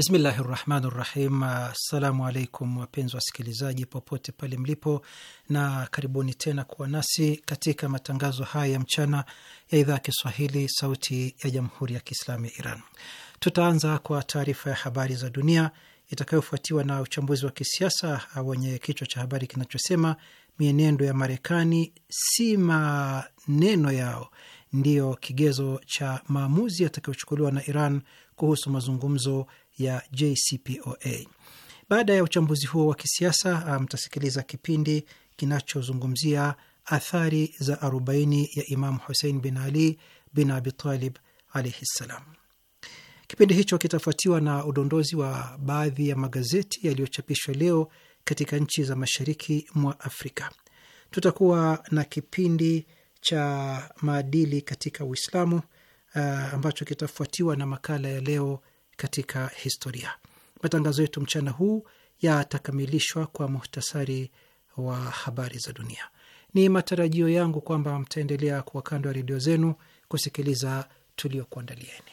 Bismillahi rahmani rahim. Assalamu alaikum wapenzi wasikilizaji popote pale mlipo, na karibuni tena kuwa nasi katika matangazo haya ya mchana ya idhaa ya Kiswahili sauti ya jamhuri ya Kiislamu ya Iran. Tutaanza kwa taarifa ya habari za dunia itakayofuatiwa na uchambuzi wa kisiasa wenye kichwa cha habari kinachosema mienendo ya Marekani si maneno yao ndiyo kigezo cha maamuzi yatakayochukuliwa na Iran kuhusu mazungumzo ya JCPOA. Baada ya uchambuzi huo wa kisiasa, ah, mtasikiliza kipindi kinachozungumzia athari za arobaini ya Imamu Husein bin Ali bin Abitalib alaihi ssalam. Kipindi hicho kitafuatiwa na udondozi wa baadhi ya magazeti yaliyochapishwa leo katika nchi za mashariki mwa Afrika. Tutakuwa na kipindi cha maadili katika Uislamu uh, ambacho kitafuatiwa na makala ya leo katika historia. Matangazo yetu mchana huu yatakamilishwa kwa muhtasari wa habari za dunia. Ni matarajio yangu kwamba mtaendelea kuwa kando ya redio zenu kusikiliza tuliokuandalieni.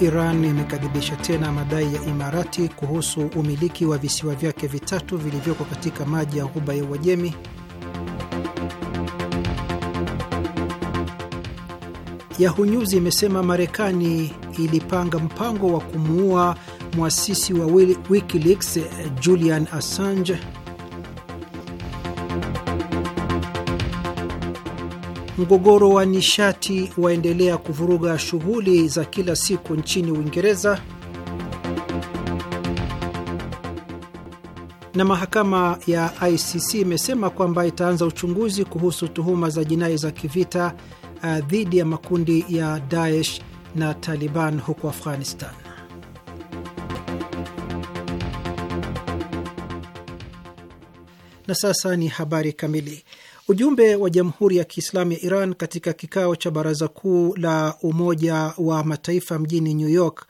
Iran imekadhibisha tena madai ya Imarati kuhusu umiliki wa visiwa vyake vitatu vilivyoko katika maji ya ghuba ya Uajemi. Yahoo News imesema Marekani ilipanga mpango wa kumuua mwasisi wa WikiLeaks Julian Assange. Mgogoro wa nishati waendelea kuvuruga shughuli za kila siku nchini Uingereza, na mahakama ya ICC imesema kwamba itaanza uchunguzi kuhusu tuhuma za jinai za kivita uh, dhidi ya makundi ya Daesh na Taliban huko Afghanistan. Na sasa ni habari kamili. Ujumbe wa Jamhuri ya Kiislamu ya Iran katika kikao cha Baraza Kuu la Umoja wa Mataifa mjini New York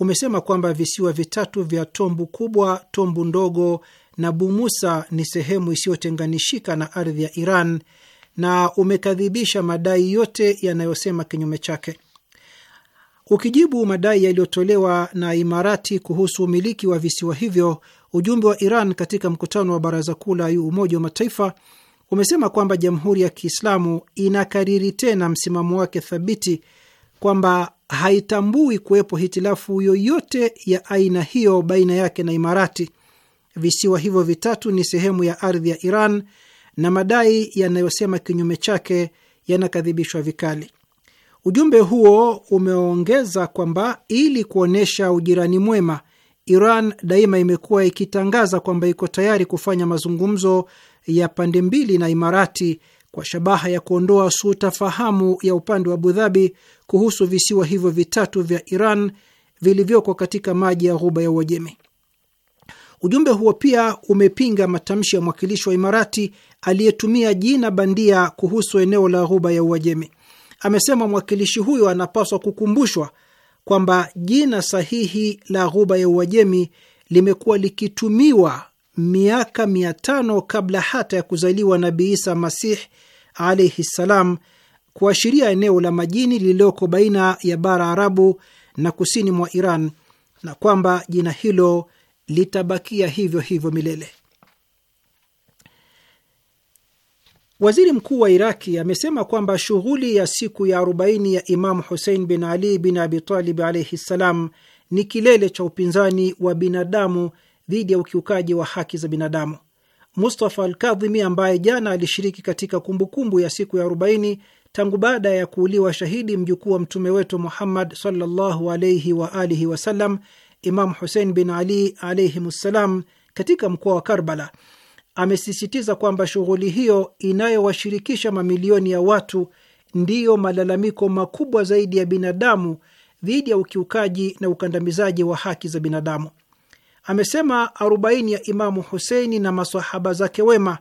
umesema kwamba visiwa vitatu vya Tombu Kubwa, Tombu Ndogo na Bumusa ni sehemu isiyotenganishika na ardhi ya Iran na umekadhibisha madai yote yanayosema kinyume chake. Ukijibu madai yaliyotolewa na Imarati kuhusu umiliki wa visiwa hivyo, ujumbe wa Iran katika mkutano wa Baraza Kuu la Umoja wa Mataifa umesema kwamba Jamhuri ya Kiislamu inakariri tena msimamo wake thabiti kwamba haitambui kuwepo hitilafu yoyote ya aina hiyo baina yake na Imarati. Visiwa hivyo vitatu ni sehemu ya ardhi ya Iran na madai yanayosema kinyume chake yanakadhibishwa vikali. Ujumbe huo umeongeza kwamba ili kuonyesha ujirani mwema, Iran daima imekuwa ikitangaza kwamba iko tayari kufanya mazungumzo ya pande mbili na Imarati kwa shabaha ya kuondoa sutafahamu ya upande wa Abu Dhabi kuhusu visiwa hivyo vitatu vya Iran vilivyoko katika maji ya ghuba ya Uajemi. Ujumbe huo pia umepinga matamshi ya mwakilishi wa Imarati aliyetumia jina bandia kuhusu eneo la ghuba ya Uajemi. Amesema mwakilishi huyo anapaswa kukumbushwa kwamba jina sahihi la ghuba ya Uajemi limekuwa likitumiwa miaka mia tano kabla hata ya kuzaliwa Nabi Isa Masih alaihi ssalam, kuashiria eneo la majini lililoko baina ya bara Arabu na kusini mwa Iran na kwamba jina hilo litabakia hivyo hivyo milele. Waziri mkuu wa Iraki amesema kwamba shughuli ya siku ya 40 ya Imamu Husein bin Ali bin Abitalib alaihi ssalam ni kilele cha upinzani wa binadamu dhidi ya ukiukaji wa haki za binadamu. Mustafa Alkadhimi, ambaye jana alishiriki katika kumbukumbu ya siku ya 40 tangu baada ya kuuliwa shahidi mjukuu wa mtume wetu Muhammad sallallahu alaihi wa alihi wasallam, Imamu Husein bin Ali alaihimussalam, katika mkoa wa Karbala, amesisitiza kwamba shughuli hiyo inayowashirikisha mamilioni ya watu ndiyo malalamiko makubwa zaidi ya binadamu dhidi ya ukiukaji na ukandamizaji wa haki za binadamu amesema arobaini ya Imamu Huseini na masahaba zake wema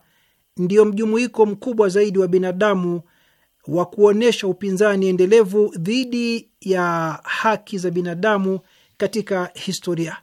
ndiyo mjumuiko mkubwa zaidi wa binadamu wa kuonyesha upinzani endelevu dhidi ya haki za binadamu katika historia.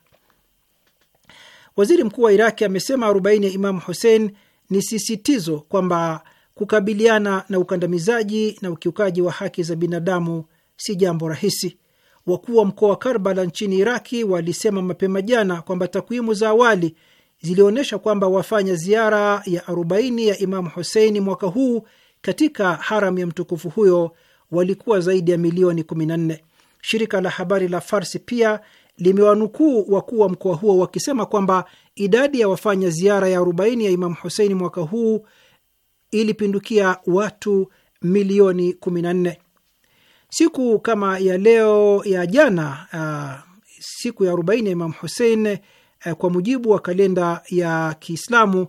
Waziri mkuu wa Iraki amesema arobaini ya Imamu Husein ni sisitizo kwamba kukabiliana na ukandamizaji na ukiukaji wa haki za binadamu si jambo rahisi wakuu wa mkoa wa Karbala nchini Iraki walisema mapema jana kwamba takwimu za awali zilionyesha kwamba wafanya ziara ya 40 ya Imamu Huseini mwaka huu katika haram ya mtukufu huyo walikuwa zaidi ya milioni 14. Shirika la habari la Farsi pia limewanukuu wakuu wa mkoa huo wakisema kwamba idadi ya wafanya ziara ya 40 ya Imamu Huseini mwaka huu ilipindukia watu milioni 14. Siku kama ya leo ya jana, uh, siku ya arobaini ya Imam Husein, uh, kwa mujibu wa kalenda ya Kiislamu,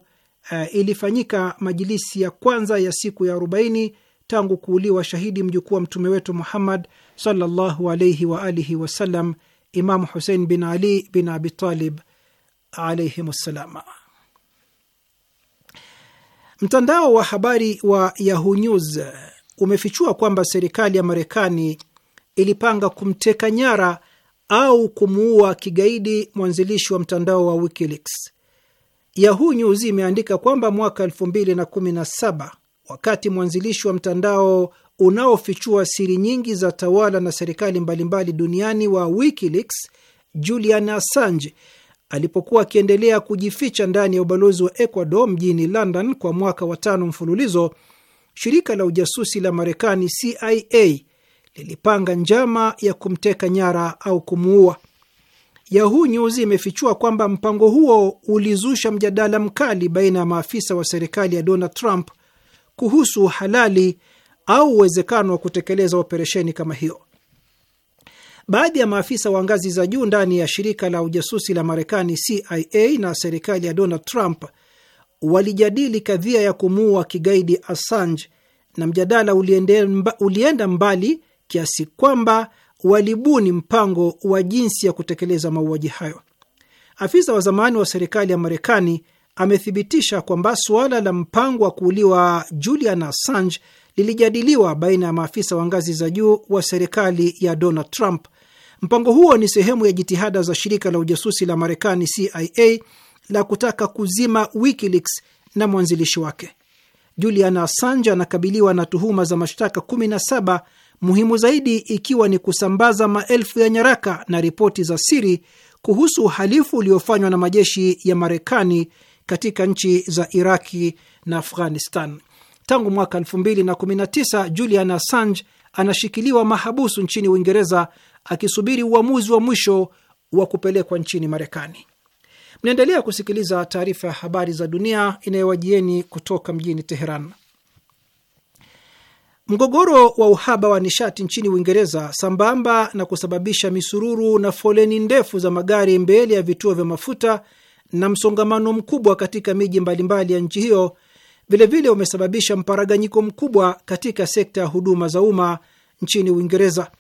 uh, ilifanyika majilisi ya kwanza ya siku ya arobaini tangu kuuliwa shahidi mjukuu wa mtume wetu Muhammad sallallahu alaihi wa alihi wasallam, Imamu Husein bin Ali bin Abitalib alaihim ssalama. Mtandao wa habari wa Yahoo News umefichua kwamba serikali ya Marekani ilipanga kumteka nyara au kumuua kigaidi mwanzilishi wa mtandao wa WikiLeaks. Yahoo News imeandika kwamba mwaka 2017 wakati mwanzilishi wa mtandao unaofichua siri nyingi za tawala na serikali mbalimbali duniani wa WikiLeaks, Julian Assange alipokuwa akiendelea kujificha ndani ya ubalozi wa Ecuador mjini London kwa mwaka wa tano mfululizo, shirika la ujasusi la Marekani CIA lilipanga njama ya kumteka nyara au kumuua. Yahoo News imefichua kwamba mpango huo ulizusha mjadala mkali baina ya maafisa wa serikali ya Donald Trump kuhusu halali au uwezekano wa kutekeleza operesheni kama hiyo. Baadhi ya maafisa wa ngazi za juu ndani ya shirika la ujasusi la Marekani CIA na serikali ya Donald Trump walijadili kadhia ya kumuua kigaidi Assange na mjadala ulienda mbali kiasi kwamba walibuni mpango wa jinsi ya kutekeleza mauaji hayo. Afisa wa zamani wa serikali ya Marekani amethibitisha kwamba suala la mpango wa kuuliwa Julian Assange lilijadiliwa baina ya maafisa wa ngazi za juu wa serikali ya Donald Trump. Mpango huo ni sehemu ya jitihada za shirika la ujasusi la Marekani CIA la kutaka kuzima WikiLeaks na mwanzilishi wake. Julian Assange anakabiliwa na tuhuma za mashtaka 17 muhimu zaidi ikiwa ni kusambaza maelfu ya nyaraka na ripoti za siri kuhusu uhalifu uliofanywa na majeshi ya Marekani katika nchi za Iraki na Afghanistan. Tangu mwaka 2019 Julian Assange anashikiliwa mahabusu nchini Uingereza akisubiri uamuzi wa mwisho wa kupelekwa nchini Marekani. Mnaendelea kusikiliza taarifa ya habari za dunia inayowajieni kutoka mjini Teheran. Mgogoro wa uhaba wa nishati nchini Uingereza, sambamba na kusababisha misururu na foleni ndefu za magari mbele ya vituo vya mafuta na msongamano mkubwa katika miji mbalimbali ya nchi hiyo, vilevile umesababisha mparaganyiko mkubwa katika sekta ya huduma za umma nchini Uingereza.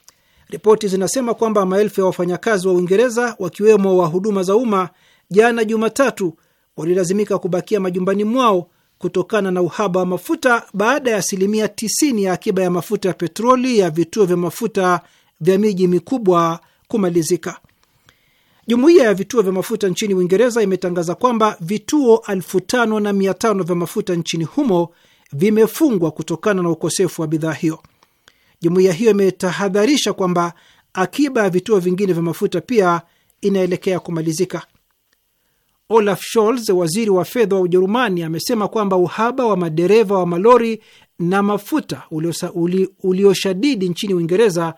Ripoti zinasema kwamba maelfu ya wafanyakazi wa Uingereza, wakiwemo wa huduma za umma, jana Jumatatu walilazimika kubakia majumbani mwao kutokana na uhaba wa mafuta baada ya asilimia 90 ya akiba ya mafuta ya petroli ya vituo vya mafuta vya miji mikubwa kumalizika. Jumuiya ya vituo vya mafuta nchini Uingereza imetangaza kwamba vituo elfu vya mafuta nchini humo vimefungwa kutokana na ukosefu wa bidhaa hiyo. Jumuiya hiyo imetahadharisha kwamba akiba ya vituo vingine vya mafuta pia inaelekea kumalizika. Olaf Scholz, waziri wa fedha wa Ujerumani, amesema kwamba uhaba wa madereva wa malori na mafuta ulioshadidi nchini Uingereza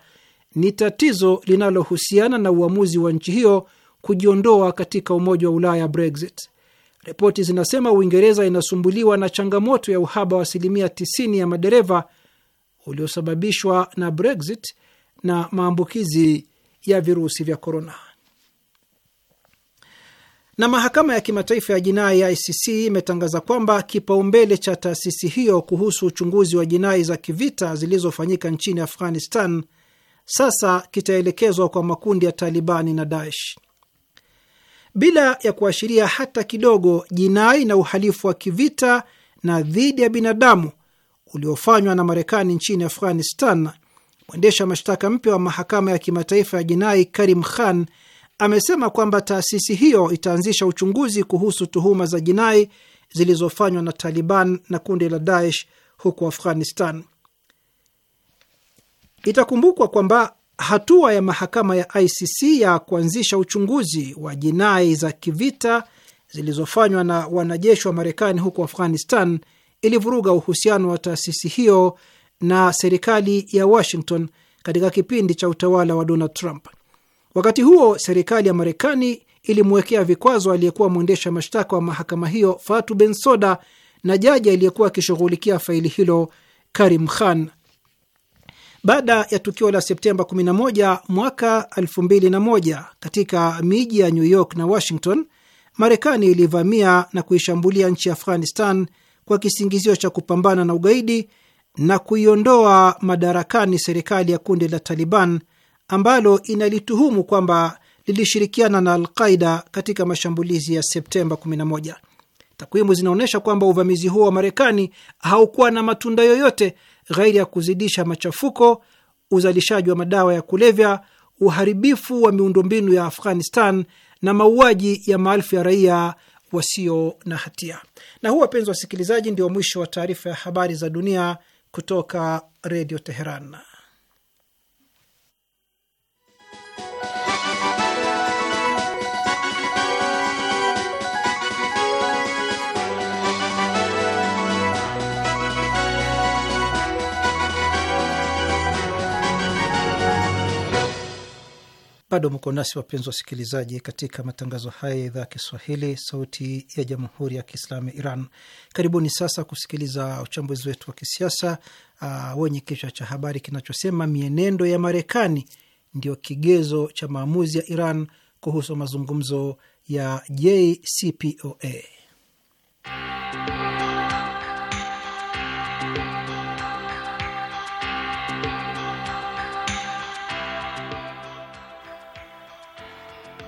ni tatizo linalohusiana na uamuzi wa nchi hiyo kujiondoa katika Umoja wa Ulaya, Brexit. Ripoti zinasema Uingereza inasumbuliwa na changamoto ya uhaba wa asilimia 90 ya madereva uliosababishwa na Brexit na maambukizi ya virusi vya korona. Na mahakama ya kimataifa ya jinai ya ICC imetangaza kwamba kipaumbele cha taasisi hiyo kuhusu uchunguzi wa jinai za kivita zilizofanyika nchini Afghanistan sasa kitaelekezwa kwa makundi ya Talibani na Daesh bila ya kuashiria hata kidogo jinai na uhalifu wa kivita na dhidi ya binadamu uliofanywa na Marekani nchini Afghanistan. Mwendesha mashtaka mpya wa mahakama ya kimataifa ya jinai Karim Khan amesema kwamba taasisi hiyo itaanzisha uchunguzi kuhusu tuhuma za jinai zilizofanywa na Taliban na kundi la Daesh huko Afghanistan. Itakumbukwa kwamba hatua ya mahakama ya ICC ya kuanzisha uchunguzi wa jinai za kivita zilizofanywa na wanajeshi wa Marekani huko Afghanistan ilivuruga uhusiano wa taasisi hiyo na serikali ya Washington katika kipindi cha utawala wa Donald Trump. Wakati huo serikali ya Marekani ilimwekea vikwazo aliyekuwa mwendesha mashtaka wa mahakama hiyo Fatu Bensoda na jaji aliyekuwa akishughulikia faili hilo Karim Khan. Baada ya tukio la Septemba 11 mwaka 2001 katika miji ya New York na Washington, Marekani ilivamia na kuishambulia nchi ya Afghanistan kwa kisingizio cha kupambana na ugaidi na kuiondoa madarakani serikali ya kundi la Taliban ambalo inalituhumu kwamba lilishirikiana na Alqaida katika mashambulizi ya Septemba 11. Takwimu zinaonyesha kwamba uvamizi huo wa Marekani haukuwa na matunda yoyote ghairi ya kuzidisha machafuko, uzalishaji wa madawa ya kulevya, uharibifu wa miundombinu ya Afghanistan na mauaji ya maelfu ya raia wasio na hatia. Na huu, wapenzi wasikilizaji, ndio mwisho wa taarifa ya habari za dunia kutoka Redio Teheran. Bado mko nasi wapenzi wasikilizaji, katika matangazo haya ya idhaa ya Kiswahili, sauti ya jamhuri ya kiislamu ya Iran. Karibuni sasa kusikiliza uchambuzi wetu wa kisiasa uh, wenye kichwa cha habari kinachosema mienendo ya Marekani ndio kigezo cha maamuzi ya Iran kuhusu mazungumzo ya JCPOA.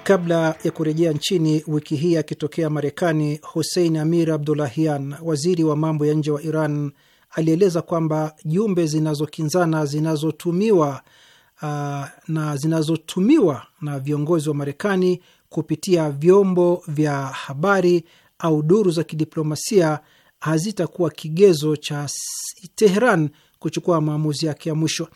Kabla ya kurejea nchini wiki hii akitokea Marekani, Hussein Amir Abdulahian, waziri wa mambo ya nje wa Iran, alieleza kwamba jumbe zinazokinzana zinazotumiwa uh, na zinazotumiwa na viongozi wa Marekani kupitia vyombo vya habari au duru za kidiplomasia hazitakuwa kigezo cha Teheran kuchukua maamuzi yake ya mwisho.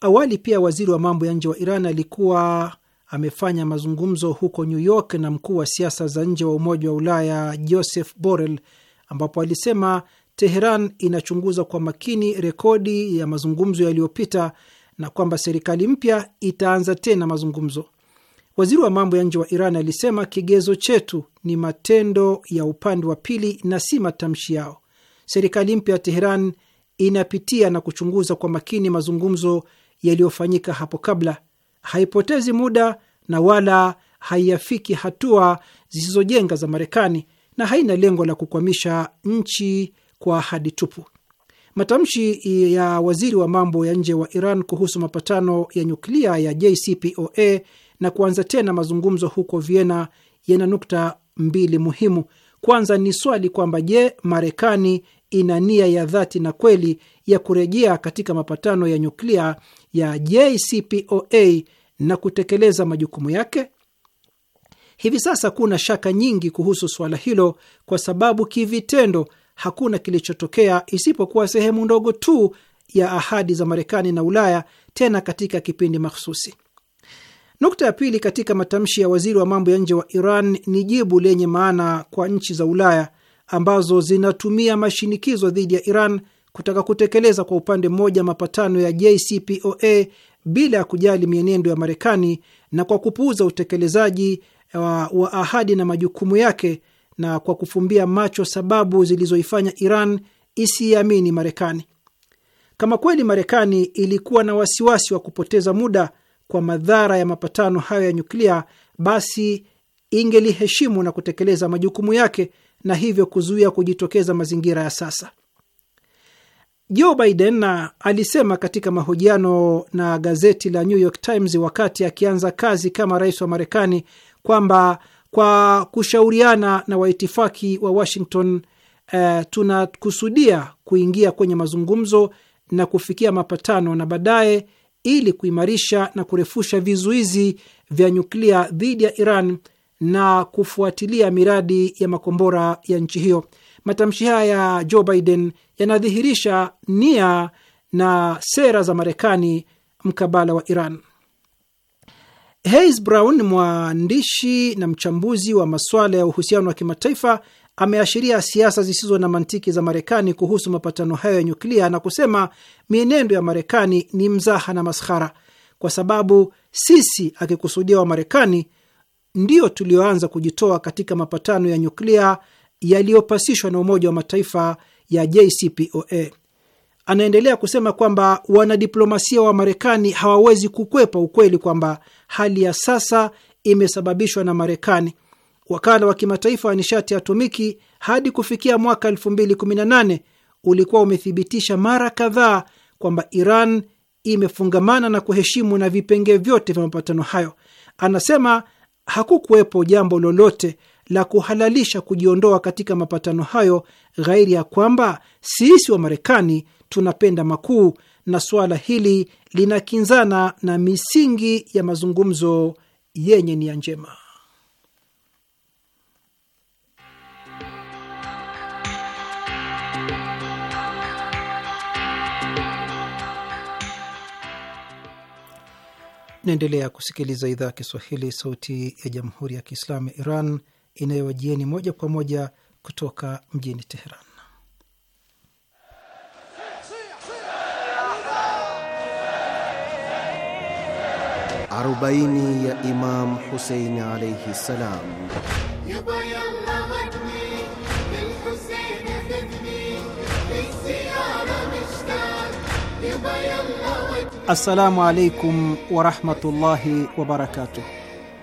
Awali pia waziri wa mambo ya nje wa Iran alikuwa amefanya mazungumzo huko New York na mkuu wa siasa za nje wa Umoja wa Ulaya Joseph Borrell, ambapo alisema Teheran inachunguza kwa makini rekodi ya mazungumzo yaliyopita na kwamba serikali mpya itaanza tena mazungumzo. Waziri wa mambo ya nje wa Iran alisema kigezo chetu ni matendo ya upande wa pili na si matamshi yao. Serikali mpya ya Teheran inapitia na kuchunguza kwa makini mazungumzo yaliyofanyika hapo kabla haipotezi muda na wala haiafiki hatua zisizojenga za Marekani na haina lengo la kukwamisha nchi kwa ahadi tupu. Matamshi ya waziri wa mambo ya nje wa Iran kuhusu mapatano ya nyuklia ya JCPOA na kuanza tena mazungumzo huko Vienna yana nukta mbili muhimu. Kwanza ni swali kwamba je, Marekani ina nia ya dhati na kweli ya kurejea katika mapatano ya nyuklia ya JCPOA na kutekeleza majukumu yake? Hivi sasa kuna shaka nyingi kuhusu suala hilo, kwa sababu kivitendo hakuna kilichotokea isipokuwa sehemu ndogo tu ya ahadi za Marekani na Ulaya, tena katika kipindi mahsusi. Nukta ya pili katika matamshi ya waziri wa mambo ya nje wa Iran ni jibu lenye maana kwa nchi za Ulaya ambazo zinatumia mashinikizo dhidi ya Iran kutaka kutekeleza kwa upande mmoja mapatano ya JCPOA bila ya kujali mienendo ya Marekani na kwa kupuuza utekelezaji eh, wa, wa ahadi na majukumu yake na kwa kufumbia macho sababu zilizoifanya Iran isiamini Marekani. Kama kweli Marekani ilikuwa na wasiwasi wa kupoteza muda kwa madhara ya mapatano hayo ya nyuklia, basi ingeliheshimu na kutekeleza majukumu yake na hivyo kuzuia kujitokeza mazingira ya sasa. Joe Biden alisema katika mahojiano na gazeti la New York Times wakati akianza kazi kama rais wa Marekani kwamba kwa kushauriana na waitifaki wa Washington eh, tunakusudia kuingia kwenye mazungumzo na kufikia mapatano na baadaye, ili kuimarisha na kurefusha vizuizi vya nyuklia dhidi ya Iran na kufuatilia miradi ya makombora ya nchi hiyo. Matamshi haya ya Joe Biden yanadhihirisha nia na sera za Marekani mkabala wa Iran. Hayes Brown, mwandishi na mchambuzi wa masuala ya uhusiano wa kimataifa, ameashiria siasa zisizo na mantiki za Marekani kuhusu mapatano hayo ya nyuklia na kusema mienendo ya Marekani ni mzaha na maskhara, kwa sababu sisi, akikusudia wa Marekani, ndiyo tulioanza kujitoa katika mapatano ya nyuklia yaliyopasishwa na Umoja wa Mataifa ya JCPOA. Anaendelea kusema kwamba wanadiplomasia wa Marekani hawawezi kukwepa ukweli kwamba hali ya sasa imesababishwa na Marekani. Wakala wa kimataifa wa nishati atomiki hadi kufikia mwaka 2018 ulikuwa umethibitisha mara kadhaa kwamba Iran imefungamana na kuheshimu na vipengee vyote vya mapatano hayo. Anasema hakukuwepo jambo lolote la kuhalalisha kujiondoa katika mapatano hayo, ghairi ya kwamba sisi wa Marekani tunapenda makuu na suala hili linakinzana na misingi ya mazungumzo yenye nia njema. Naendelea kusikiliza idhaa ya Kiswahili, sauti ya jamhuri ya kiislamu ya Iran inayowajieni moja kwa moja kutoka mjini Teheran. Arobaini ya Imam Husein alaihi salam. Assalamu alaikum warahmatullahi wabarakatuh.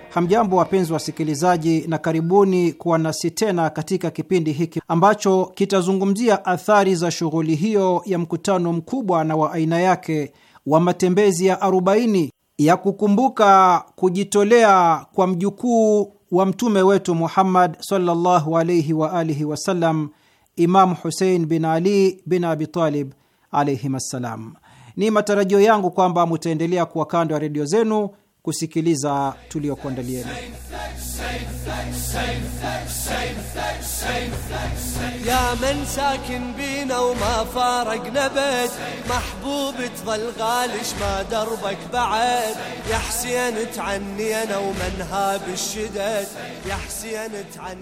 Hamjambo, wapenzi wasikilizaji, na karibuni kuwa nasi tena katika kipindi hiki ambacho kitazungumzia athari za shughuli hiyo ya mkutano mkubwa na wa aina yake wa matembezi ya 40 ya kukumbuka kujitolea kwa mjukuu wa mtume wetu Muhammad sallallahu wa alihi wasallam, Imamu Husein bin Ali bin Abitalib alaihim assalam. Ni matarajio yangu kwamba mutaendelea kuwa kando ya redio zenu kusikiliza tuliokuandalieni.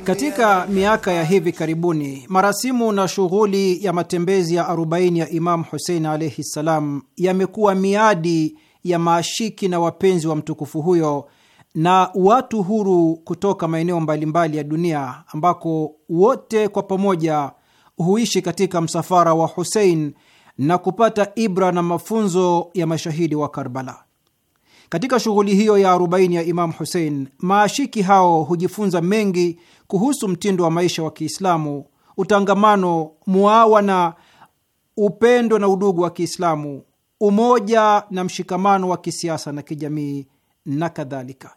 Katika miaka ya hivi karibuni marasimu na shughuli ya matembezi ya 40 ya Imam Husein alaihi ssalam yamekuwa miadi ya maashiki na wapenzi wa mtukufu huyo na watu huru kutoka maeneo mbalimbali ya dunia ambako wote kwa pamoja huishi katika msafara wa Husein na kupata ibra na mafunzo ya mashahidi wa Karbala. Katika shughuli hiyo ya arobaini ya Imamu Husein, maashiki hao hujifunza mengi kuhusu mtindo wa maisha wa Kiislamu, utangamano, muawana, upendo na udugu wa Kiislamu, umoja na mshikamano wa kisiasa na kijamii na kadhalika.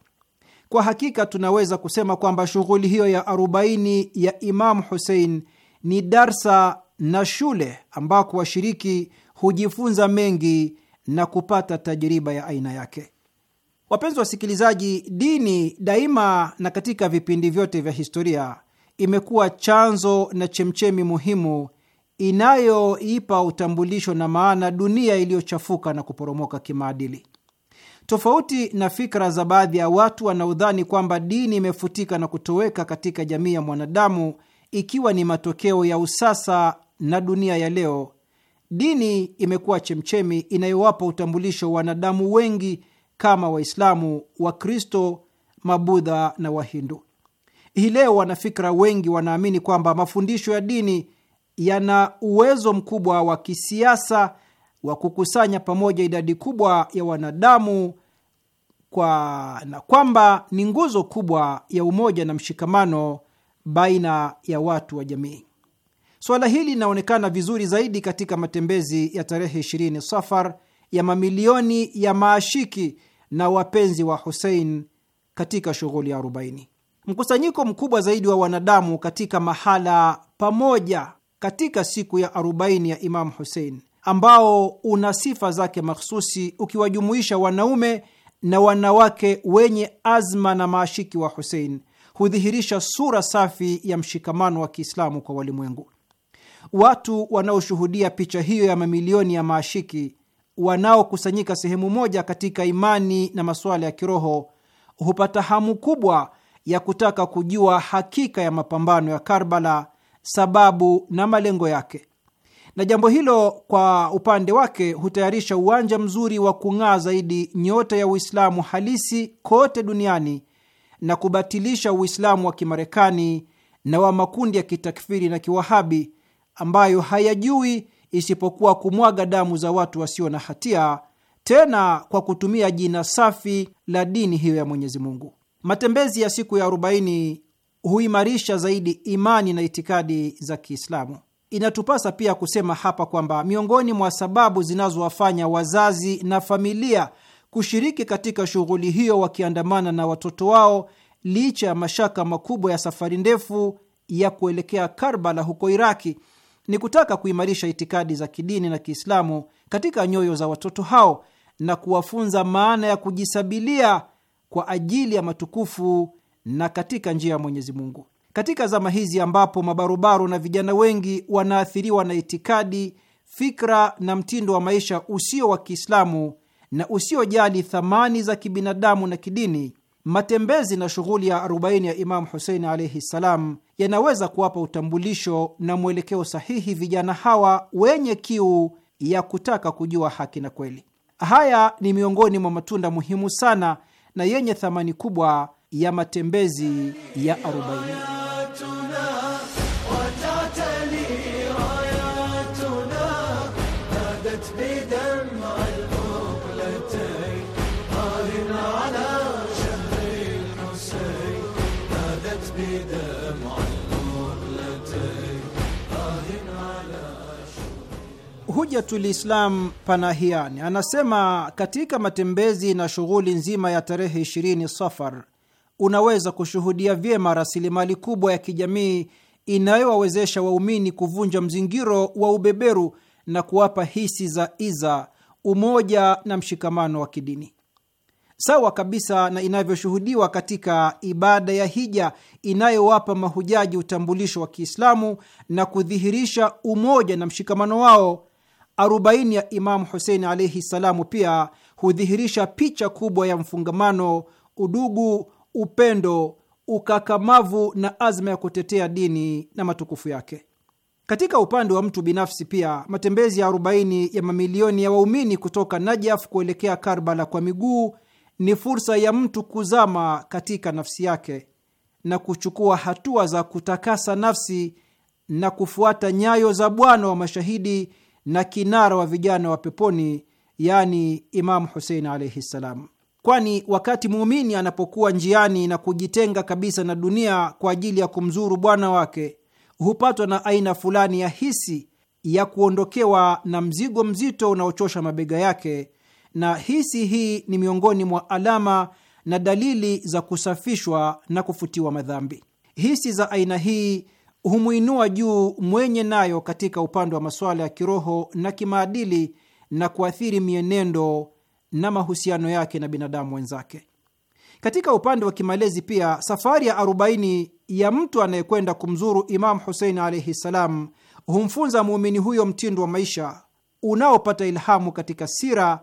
Kwa hakika tunaweza kusema kwamba shughuli hiyo ya arobaini ya Imamu Husein ni darsa na shule ambako washiriki hujifunza mengi na kupata tajiriba ya aina yake. Wapenzi wasikilizaji, dini daima na katika vipindi vyote vya historia imekuwa chanzo na chemchemi muhimu inayoipa utambulisho na maana dunia iliyochafuka na kuporomoka kimaadili. Tofauti na fikra za baadhi ya watu wanaodhani kwamba dini imefutika na kutoweka katika jamii ya mwanadamu ikiwa ni matokeo ya usasa na dunia ya leo, dini imekuwa chemchemi inayowapa utambulisho wanadamu wengi kama Waislamu, Wakristo, Mabudha na Wahindu. Hii leo wanafikra wengi wanaamini kwamba mafundisho ya dini yana uwezo mkubwa wa kisiasa wa kukusanya pamoja idadi kubwa ya wanadamu kwa, na kwamba ni nguzo kubwa ya umoja na mshikamano baina ya watu wa jamii. Suala hili linaonekana vizuri zaidi katika matembezi ya tarehe 20 Safar ya mamilioni ya maashiki na wapenzi wa Husein katika shughuli ya arobaini. Mkusanyiko mkubwa zaidi wa wanadamu katika mahala pamoja katika siku ya arobaini ya Imamu Husein, ambao una sifa zake makhususi, ukiwajumuisha wanaume na wanawake wenye azma na maashiki wa Husein hudhihirisha sura safi ya mshikamano wa Kiislamu kwa walimwengu. Watu wanaoshuhudia picha hiyo ya mamilioni ya maashiki wanaokusanyika sehemu moja katika imani na masuala ya kiroho hupata hamu kubwa ya kutaka kujua hakika ya mapambano ya Karbala sababu na malengo yake, na jambo hilo kwa upande wake hutayarisha uwanja mzuri wa kung'aa zaidi nyota ya Uislamu halisi kote duniani na kubatilisha Uislamu wa Kimarekani na wa makundi ya kitakfiri na kiwahabi ambayo hayajui isipokuwa kumwaga damu za watu wasio na hatia, tena kwa kutumia jina safi la dini hiyo ya Mwenyezi Mungu. Matembezi ya siku ya huimarisha zaidi imani na itikadi za Kiislamu. Inatupasa pia kusema hapa kwamba miongoni mwa sababu zinazowafanya wazazi na familia kushiriki katika shughuli hiyo wakiandamana na watoto wao licha ya mashaka makubwa ya safari ndefu ya kuelekea Karbala huko Iraki ni kutaka kuimarisha itikadi za kidini na Kiislamu katika nyoyo za watoto hao na kuwafunza maana ya kujisabilia kwa ajili ya matukufu na katika njia ya Mwenyezi Mungu. Katika zama hizi ambapo mabarobaro na vijana wengi wanaathiriwa na itikadi, fikra na mtindo wa maisha usio wa Kiislamu na usiojali thamani za kibinadamu na kidini, matembezi na shughuli ya arobaini ya Imamu Husein alaihi ssalam yanaweza kuwapa utambulisho na mwelekeo sahihi vijana hawa wenye kiu ya kutaka kujua haki na kweli. Haya ni miongoni mwa matunda muhimu sana na yenye thamani kubwa ya matembezi ya 40. Hujatul Islam Panahiani anasema katika matembezi na shughuli nzima ya tarehe 20 Safar unaweza kushuhudia vyema rasilimali kubwa ya kijamii inayowawezesha waumini kuvunja mzingiro wa ubeberu na kuwapa hisi za iza, umoja na mshikamano wa kidini, sawa kabisa na inavyoshuhudiwa katika ibada ya hija inayowapa mahujaji utambulisho wa Kiislamu na kudhihirisha umoja na mshikamano wao. Arobaini ya Imamu Husein alaihi salamu pia hudhihirisha picha kubwa ya mfungamano, udugu upendo, ukakamavu na azma ya kutetea dini na matukufu yake. Katika upande wa mtu binafsi pia, matembezi ya 40 ya mamilioni ya waumini kutoka Najaf kuelekea Karbala kwa miguu ni fursa ya mtu kuzama katika nafsi yake na kuchukua hatua za kutakasa nafsi na kufuata nyayo za bwana wa mashahidi na kinara wa vijana wa peponi, yaani Imamu Husein alaihi ssalam kwani wakati muumini anapokuwa njiani na kujitenga kabisa na dunia kwa ajili ya kumzuru Bwana wake hupatwa na aina fulani ya hisi ya kuondokewa na mzigo mzito unaochosha mabega yake, na hisi hii ni miongoni mwa alama na dalili za kusafishwa na kufutiwa madhambi. Hisi za aina hii humwinua juu mwenye nayo katika upande wa masuala ya kiroho na kimaadili na kuathiri mienendo na mahusiano yake na binadamu wenzake. Katika upande wa kimalezi pia, safari ya 40 ya mtu anayekwenda kumzuru Imamu Husein alaihi ssalam humfunza muumini huyo mtindo wa maisha unaopata ilhamu katika sira,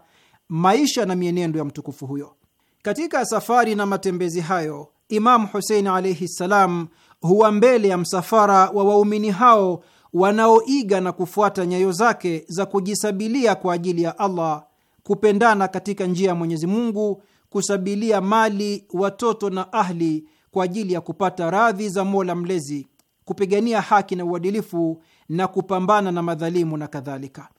maisha na mienendo ya mtukufu huyo. Katika safari na matembezi hayo, Imamu Husein alaihi ssalam huwa mbele ya msafara wa waumini hao wanaoiga na kufuata nyayo zake za kujisabilia kwa ajili ya Allah kupendana katika njia ya Mwenyezi Mungu, kusabilia mali, watoto na ahli kwa ajili ya kupata radhi za Mola Mlezi, kupigania haki na uadilifu na kupambana na madhalimu na kadhalika.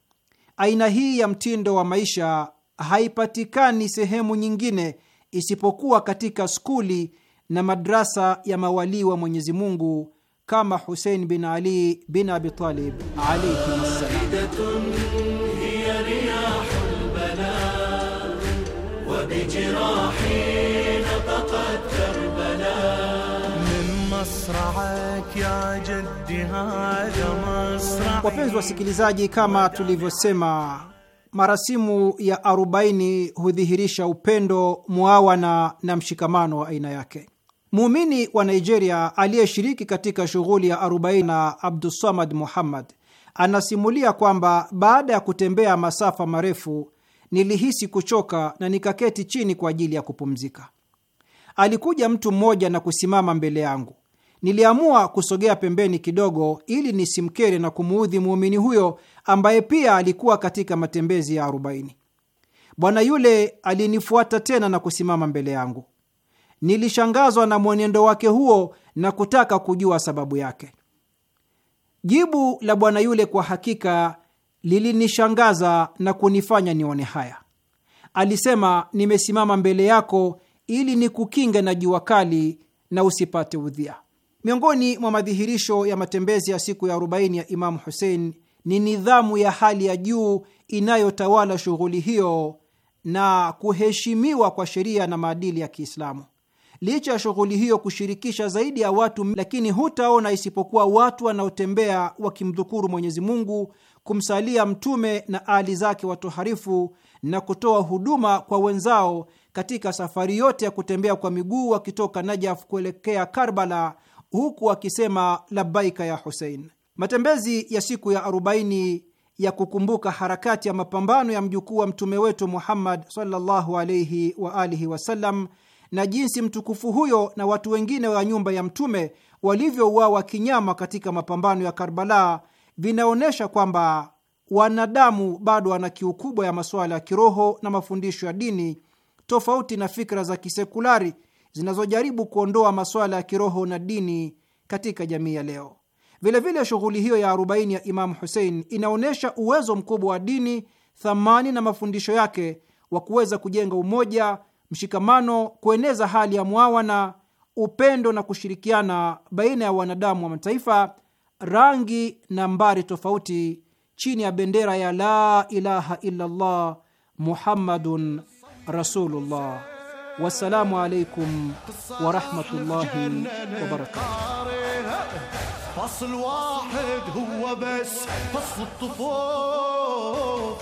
Aina hii ya mtindo wa maisha haipatikani sehemu nyingine isipokuwa katika skuli na madrasa ya mawalii wa Mwenyezi Mungu kama Husein bin Ali bin Abi Talib alayhi حين بقت كربلاء من مصرعك يا جدي هذا مصرع Wapenzi wasikilizaji, kama tulivyosema marasimu ya arobaini hudhihirisha upendo, muawana na mshikamano wa aina yake. Muumini wa Nigeria aliyeshiriki katika shughuli ya arobaini na Abdusamad Muhammad anasimulia kwamba baada ya kutembea masafa marefu nilihisi kuchoka na nikaketi chini kwa ajili ya kupumzika. Alikuja mtu mmoja na kusimama mbele yangu. Niliamua kusogea pembeni kidogo ili nisimkere na kumuudhi muumini huyo ambaye pia alikuwa katika matembezi ya arobaini. Bwana yule alinifuata tena na kusimama mbele yangu. Nilishangazwa na mwenendo wake huo na kutaka kujua sababu yake. Jibu la bwana yule kwa hakika lilinishangaza na kunifanya nione haya. Alisema, nimesimama mbele yako ili nikukinge na jua kali na usipate udhia. Miongoni mwa madhihirisho ya matembezi ya siku ya 40 ya Imamu Husein ni nidhamu ya hali ya juu inayotawala shughuli hiyo na kuheshimiwa kwa sheria na maadili ya Kiislamu. Licha ya shughuli hiyo kushirikisha zaidi ya watu, lakini hutaona isipokuwa watu wanaotembea wakimdhukuru Mwenyezi Mungu kumsalia Mtume na ali zake watoharifu na kutoa huduma kwa wenzao katika safari yote ya kutembea kwa miguu wakitoka Najaf kuelekea Karbala, huku akisema labaika ya Husein. Matembezi ya siku ya arobaini ya kukumbuka harakati ya mapambano ya mjukuu wa mtume wetu Muhammad sallallahu alaihi wa alihi wasallam na jinsi mtukufu huyo na watu wengine wa nyumba ya mtume walivyouawa kinyama katika mapambano ya Karbala vinaonyesha kwamba wanadamu bado wana kiu kubwa ya masuala ya kiroho na mafundisho ya dini, tofauti na fikra za kisekulari zinazojaribu kuondoa masuala ya kiroho na dini katika jamii ya leo. Vilevile, shughuli hiyo ya 4 ya Imamu Husein inaonyesha uwezo mkubwa wa dini, thamani na mafundisho yake wa kuweza kujenga umoja, mshikamano, kueneza hali ya mwawana, upendo na kushirikiana baina ya wanadamu wa mataifa rangi na mbari tofauti chini ya bendera ya la ilaha illallah muhammadun rasulullah. Wassalamu alaikum warahmatullahi wabarakatuh. فصل واحد هو بس فصل الطفوف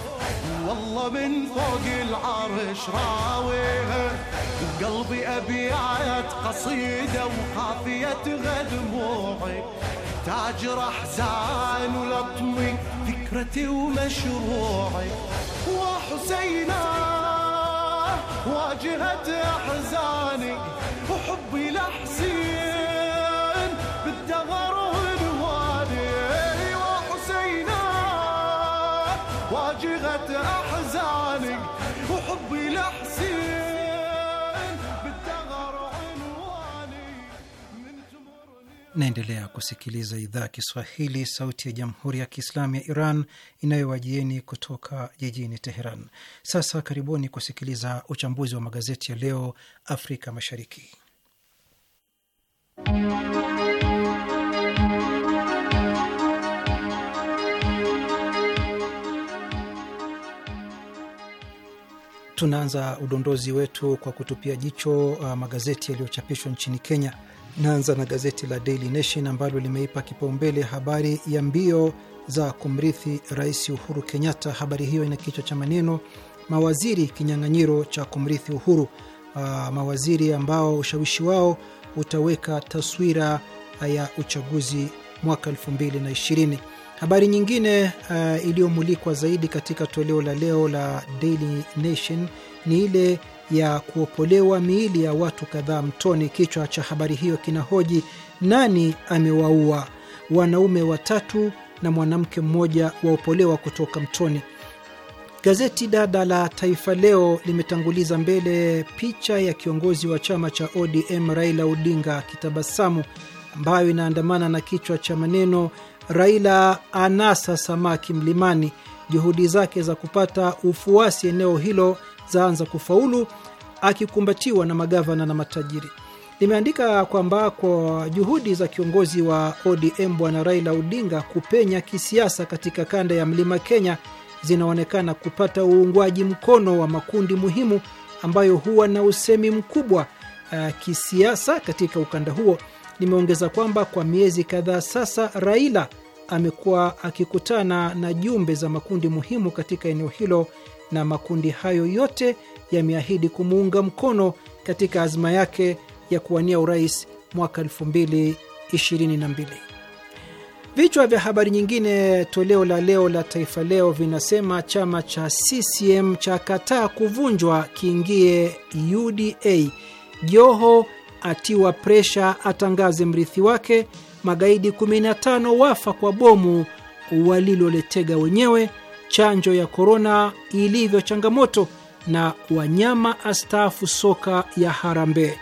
والله من فوق العرش راويها وقلبي أبيات قصيدة وقافية دموعي تاجر احزان ولطمي فكرتي ومشروعي وحسينا واجهت احزاني وحبي لحسين Naendelea kusikiliza idhaa ya Kiswahili, sauti ya jamhuri ya kiislamu ya Iran inayowajieni kutoka jijini Teheran. Sasa karibuni kusikiliza uchambuzi wa magazeti ya leo Afrika Mashariki. Tunaanza udondozi wetu kwa kutupia jicho uh, magazeti yaliyochapishwa nchini Kenya. Naanza na gazeti la Daily Nation ambalo limeipa kipaumbele habari ya mbio za kumrithi Rais Uhuru Kenyatta. Habari hiyo ina kichwa cha maneno mawaziri kinyang'anyiro cha kumrithi Uhuru. Uh, mawaziri ambao ushawishi wao utaweka taswira ya uchaguzi mwaka 2020. Habari nyingine uh, iliyomulikwa zaidi katika toleo la leo la Daily Nation ni ile ya kuopolewa miili ya watu kadhaa mtoni. Kichwa cha habari hiyo kinahoji nani amewaua? Wanaume watatu na mwanamke mmoja waopolewa kutoka mtoni. Gazeti dada la Taifa Leo limetanguliza mbele picha ya kiongozi wa chama cha ODM Raila Odinga akitabasamu, ambayo inaandamana na kichwa cha maneno Raila anasa samaki mlimani, juhudi zake za kupata ufuasi eneo hilo zaanza kufaulu, akikumbatiwa na magavana na matajiri. Limeandika kwamba kwa juhudi za kiongozi wa ODM Bwana Raila Odinga kupenya kisiasa katika kanda ya mlima Kenya zinaonekana kupata uungwaji mkono wa makundi muhimu ambayo huwa na usemi mkubwa uh, kisiasa katika ukanda huo. Limeongeza kwamba kwa miezi kadhaa sasa Raila amekuwa akikutana na jumbe za makundi muhimu katika eneo hilo na makundi hayo yote yameahidi kumuunga mkono katika azma yake ya kuwania urais mwaka 2022. Vichwa vya habari nyingine toleo la leo la Taifa Leo vinasema chama cha CCM cha kataa kuvunjwa kiingie UDA, Joho atiwa presha atangaze mrithi wake, magaidi 15 wafa kwa bomu waliloletega wenyewe chanjo ya korona ilivyo changamoto na wanyama astaafu soka ya harambee.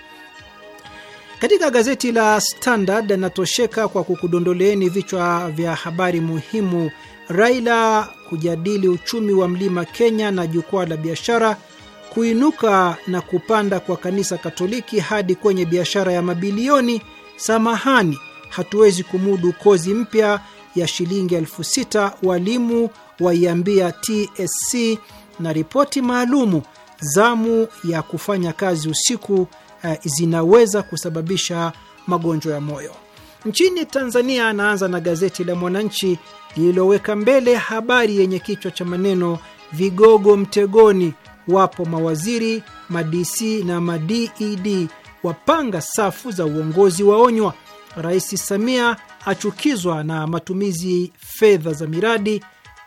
Katika gazeti la Standard natosheka kwa kukudondoleeni vichwa vya habari muhimu: Raila kujadili uchumi wa mlima Kenya na jukwaa la biashara, kuinuka na kupanda kwa kanisa Katoliki hadi kwenye biashara ya mabilioni, samahani, hatuwezi kumudu kozi mpya ya shilingi elfu sita, walimu waiambia TSC na ripoti maalumu, zamu ya kufanya kazi usiku eh, zinaweza kusababisha magonjwa ya moyo. Nchini Tanzania, anaanza na gazeti la Mwananchi lililoweka mbele habari yenye kichwa cha maneno vigogo mtegoni, wapo mawaziri, madc na maded e wapanga safu za uongozi, waonywa. Rais Samia achukizwa na matumizi fedha za miradi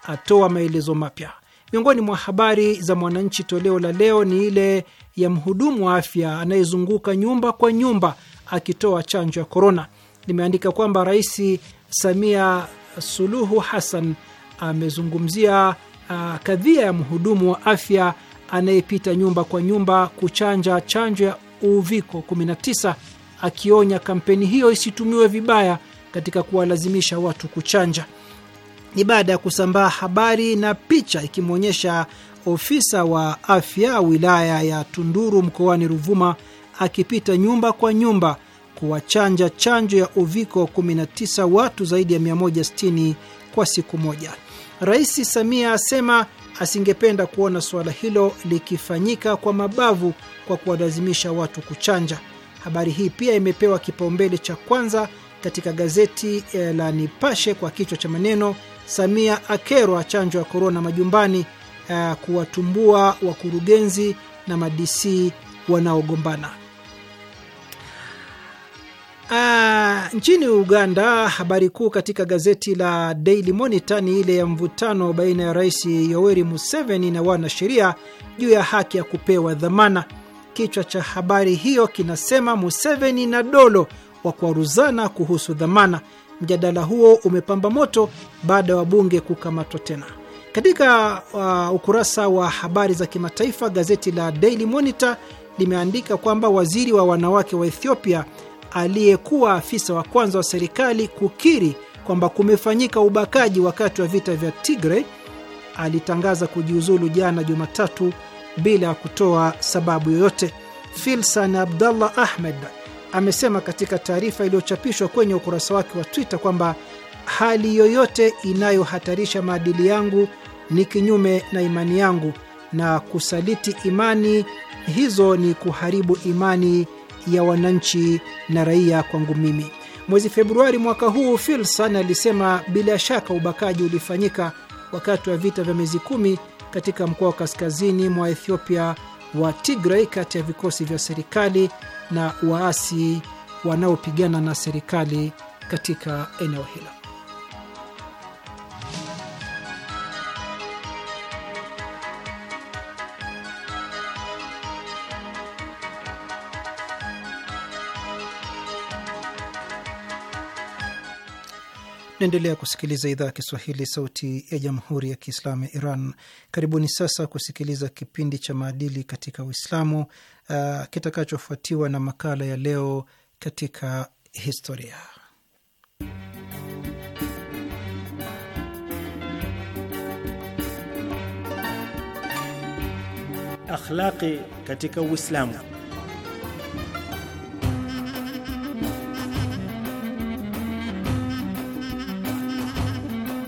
atoa maelezo mapya. Miongoni mwa habari za Mwananchi toleo la leo ni ile ya mhudumu wa afya anayezunguka nyumba kwa nyumba akitoa chanjo ya korona. Limeandika kwamba Rais Samia Suluhu Hassan amezungumzia uh, kadhia ya mhudumu wa afya anayepita nyumba kwa nyumba kuchanja chanjo ya uviko 19, akionya kampeni hiyo isitumiwe vibaya katika kuwalazimisha watu kuchanja. Ni baada ya kusambaa habari na picha ikimwonyesha ofisa wa afya wilaya ya Tunduru mkoani Ruvuma akipita nyumba kwa nyumba kuwachanja chanjo ya uviko 19 watu zaidi ya 160 kwa siku moja. Rais Samia asema asingependa kuona suala hilo likifanyika kwa mabavu kwa kuwalazimisha watu kuchanja. Habari hii pia imepewa kipaumbele cha kwanza katika gazeti eh, la Nipashe kwa kichwa cha maneno Samia akerwa chanjo ya korona majumbani, uh, kuwatumbua wakurugenzi na madc wanaogombana. Uh, nchini Uganda, habari kuu katika gazeti la Daily Monitor ni ile ya mvutano baina ya Rais Yoweri Museveni na wanasheria juu ya haki ya kupewa dhamana. Kichwa cha habari hiyo kinasema Museveni na Dolo wa kuaruzana kuhusu dhamana. Mjadala huo umepamba moto baada ya wabunge kukamatwa tena. Katika uh, ukurasa wa habari za kimataifa, gazeti la Daily Monitor limeandika kwamba waziri wa wanawake wa Ethiopia aliyekuwa afisa wa kwanza wa serikali kukiri kwamba kumefanyika ubakaji wakati wa vita vya Tigray alitangaza kujiuzulu jana Jumatatu bila ya kutoa sababu yoyote. Filsan Abdallah Ahmed amesema katika taarifa iliyochapishwa kwenye ukurasa wake wa Twitter kwamba hali yoyote inayohatarisha maadili yangu ni kinyume na imani yangu, na kusaliti imani hizo ni kuharibu imani ya wananchi na raia kwangu mimi. Mwezi Februari mwaka huu, Filsan alisema bila shaka ubakaji ulifanyika wakati wa vita vya miezi kumi katika mkoa wa kaskazini mwa Ethiopia wa Tigray kati ya vikosi vya serikali na waasi wanaopigana na serikali katika eneo hilo. Naendelea kusikiliza idhaa ya Kiswahili, sauti ya jamhuri ya kiislamu ya Iran. Karibuni sasa kusikiliza kipindi cha maadili katika Uislamu uh, kitakachofuatiwa na makala ya leo katika historia. Akhlaqi katika Uislamu.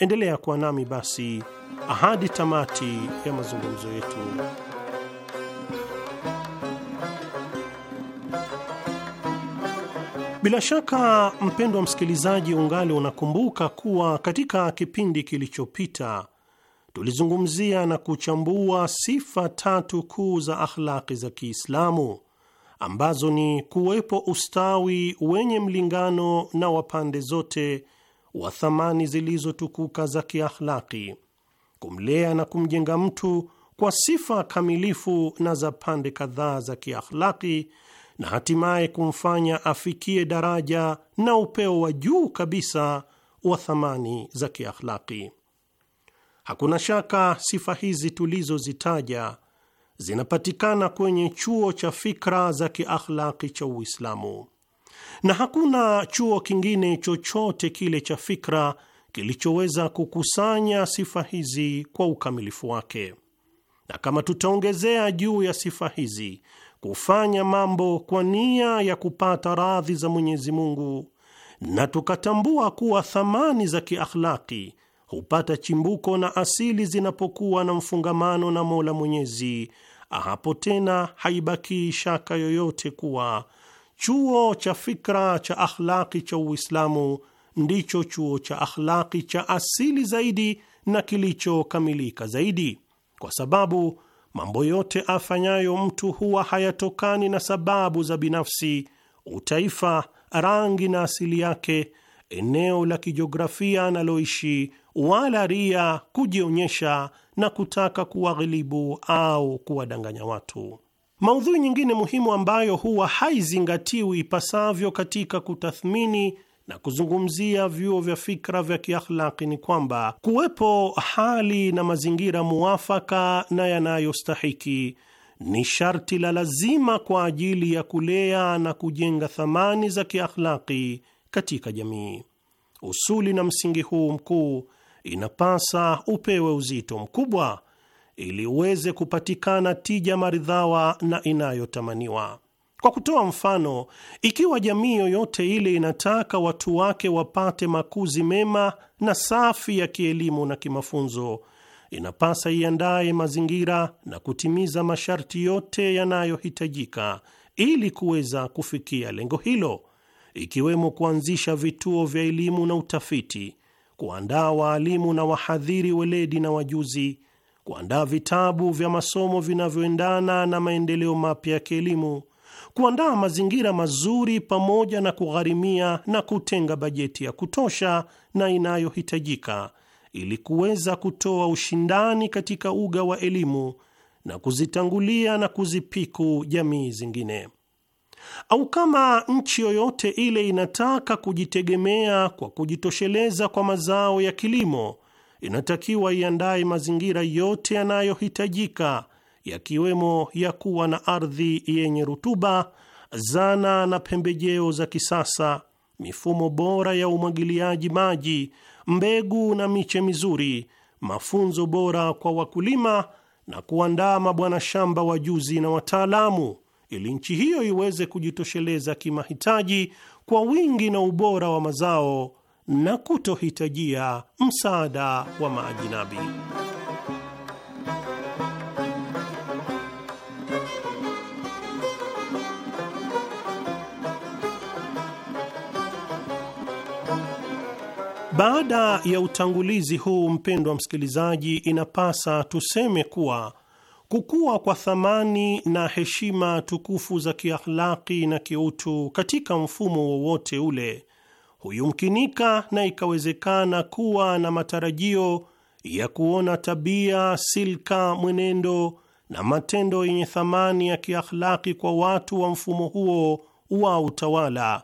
Endelea kuwa nami basi ahadi tamati ya mazungumzo yetu. Bila shaka, mpendwa msikilizaji, ungali unakumbuka kuwa katika kipindi kilichopita tulizungumzia na kuchambua sifa tatu kuu za akhlaki za Kiislamu ambazo ni kuwepo ustawi wenye mlingano na wa pande zote wa thamani zilizotukuka za kiahlaki, kumlea na kumjenga mtu kwa sifa kamilifu na za pande kadhaa za kiahlaki, na hatimaye kumfanya afikie daraja na upeo wa juu kabisa wa thamani za kiahlaki. Hakuna shaka sifa hizi tulizozitaja zinapatikana kwenye chuo cha fikra za kiakhlaki cha Uislamu na hakuna chuo kingine chochote kile cha fikra kilichoweza kukusanya sifa hizi kwa ukamilifu wake, na kama tutaongezea juu ya sifa hizi kufanya mambo kwa nia ya kupata radhi za Mwenyezi Mungu na tukatambua kuwa thamani za kiakhlaki hupata chimbuko na asili zinapokuwa na mfungamano na Mola Mwenyezi, hapo tena haibakii shaka yoyote kuwa Chuo cha fikra cha akhlaqi cha Uislamu ndicho chuo cha akhlaqi cha asili zaidi na kilichokamilika zaidi, kwa sababu mambo yote afanyayo mtu huwa hayatokani na sababu za binafsi, utaifa, rangi na asili yake, eneo la kijiografia analoishi, wala ria, kujionyesha na kutaka kuwaghilibu au kuwadanganya watu. Maudhui nyingine muhimu ambayo huwa haizingatiwi ipasavyo katika kutathmini na kuzungumzia vyuo vya fikra vya kiakhlaki ni kwamba kuwepo hali na mazingira muafaka na yanayostahiki ni sharti la lazima kwa ajili ya kulea na kujenga thamani za kiakhlaki katika jamii. Usuli na msingi huu mkuu inapasa upewe uzito mkubwa ili uweze kupatikana tija maridhawa na inayotamaniwa. Kwa kutoa mfano, ikiwa jamii yoyote ile inataka watu wake wapate makuzi mema na safi ya kielimu na kimafunzo, inapasa iandaye mazingira na kutimiza masharti yote yanayohitajika ili kuweza kufikia lengo hilo, ikiwemo kuanzisha vituo vya elimu na utafiti, kuandaa waalimu na wahadhiri weledi na wajuzi kuandaa vitabu vya masomo vinavyoendana na maendeleo mapya ya kielimu, kuandaa mazingira mazuri, pamoja na kugharimia na kutenga bajeti ya kutosha na inayohitajika ili kuweza kutoa ushindani katika uga wa elimu na kuzitangulia na kuzipiku jamii zingine. Au kama nchi yoyote ile inataka kujitegemea kwa kujitosheleza kwa mazao ya kilimo inatakiwa iandae mazingira yote yanayohitajika yakiwemo ya kuwa na ardhi yenye rutuba, zana na pembejeo za kisasa, mifumo bora ya umwagiliaji maji, mbegu na miche mizuri, mafunzo bora kwa wakulima na kuandaa mabwana shamba wajuzi na wataalamu, ili nchi hiyo iweze kujitosheleza kimahitaji kwa wingi na ubora wa mazao na kutohitajia msaada wa maajinabi. Baada ya utangulizi huu, mpendwa msikilizaji, inapasa tuseme kuwa kukua kwa thamani na heshima tukufu za kiakhlaki na kiutu katika mfumo wowote ule huyumkinika na ikawezekana kuwa na matarajio ya kuona tabia, silka, mwenendo na matendo yenye thamani ya kiakhlaki kwa watu wa mfumo huo wa utawala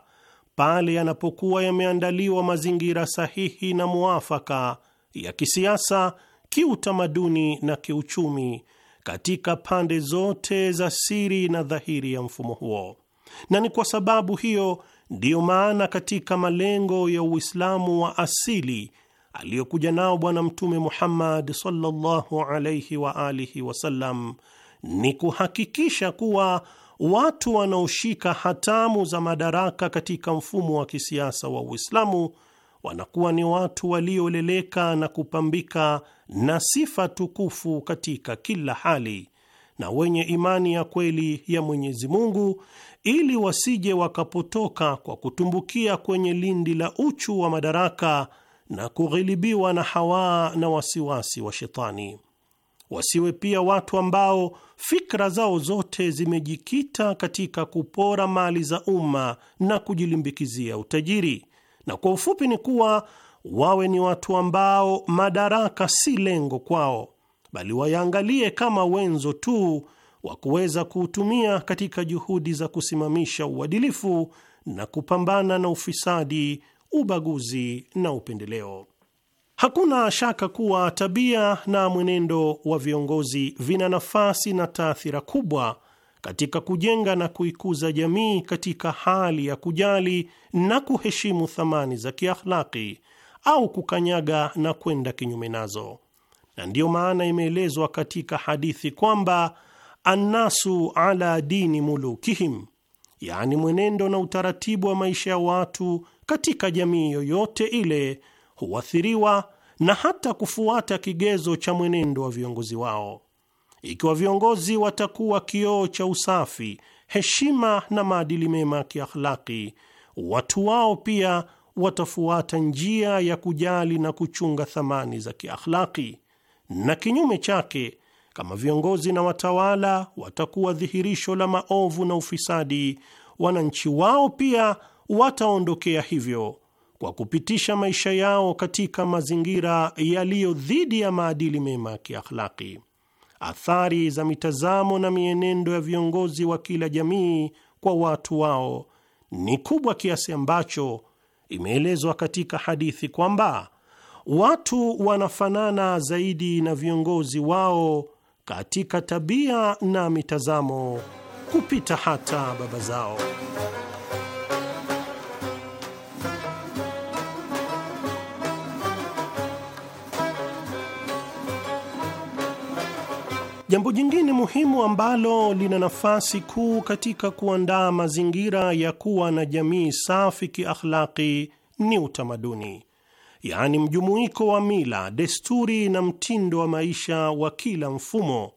pale yanapokuwa yameandaliwa mazingira sahihi na muafaka ya kisiasa, kiutamaduni na kiuchumi katika pande zote za siri na dhahiri ya mfumo huo, na ni kwa sababu hiyo Ndiyo maana katika malengo ya Uislamu wa asili aliyokuja nao Bwana Mtume Muhammad sallallahu alaihi wa alihi wasallam ni kuhakikisha kuwa watu wanaoshika hatamu za madaraka katika mfumo wa kisiasa wa Uislamu wanakuwa ni watu walioleleka na kupambika na sifa tukufu katika kila hali na wenye imani ya kweli ya Mwenyezi Mungu ili wasije wakapotoka kwa kutumbukia kwenye lindi la uchu wa madaraka na kughilibiwa na hawaa na wasiwasi wa shetani. Wasiwe pia watu ambao fikra zao zote zimejikita katika kupora mali za umma na kujilimbikizia utajiri. Na kwa ufupi ni kuwa wawe ni watu ambao madaraka si lengo kwao, bali wayaangalie kama wenzo tu wa kuweza kuutumia katika juhudi za kusimamisha uadilifu na kupambana na ufisadi, ubaguzi na upendeleo. Hakuna shaka kuwa tabia na mwenendo wa viongozi vina nafasi na taathira kubwa katika kujenga na kuikuza jamii katika hali ya kujali na kuheshimu thamani za kiakhlaki au kukanyaga na kwenda kinyume nazo, na ndiyo maana imeelezwa katika hadithi kwamba annasu ala dini mulukihim, yaani mwenendo na utaratibu wa maisha ya watu katika jamii yoyote ile huathiriwa na hata kufuata kigezo cha mwenendo wa viongozi wao. Ikiwa viongozi watakuwa kioo cha usafi, heshima na maadili mema ya kiakhlaki, watu wao pia watafuata njia ya kujali na kuchunga thamani za kiakhlaki, na kinyume chake kama viongozi na watawala watakuwa dhihirisho la maovu na ufisadi, wananchi wao pia wataondokea hivyo kwa kupitisha maisha yao katika mazingira yaliyo dhidi ya maadili mema ya kiakhlaki. Athari za mitazamo na mienendo ya viongozi wa kila jamii kwa watu wao ni kubwa kiasi ambacho imeelezwa katika hadithi kwamba watu wanafanana zaidi na viongozi wao katika tabia na mitazamo kupita hata baba zao. Jambo jingine muhimu ambalo lina nafasi kuu katika kuandaa mazingira ya kuwa na jamii safi kiakhlaki ni utamaduni yaani mjumuiko wa mila, desturi na mtindo wa maisha wa kila mfumo,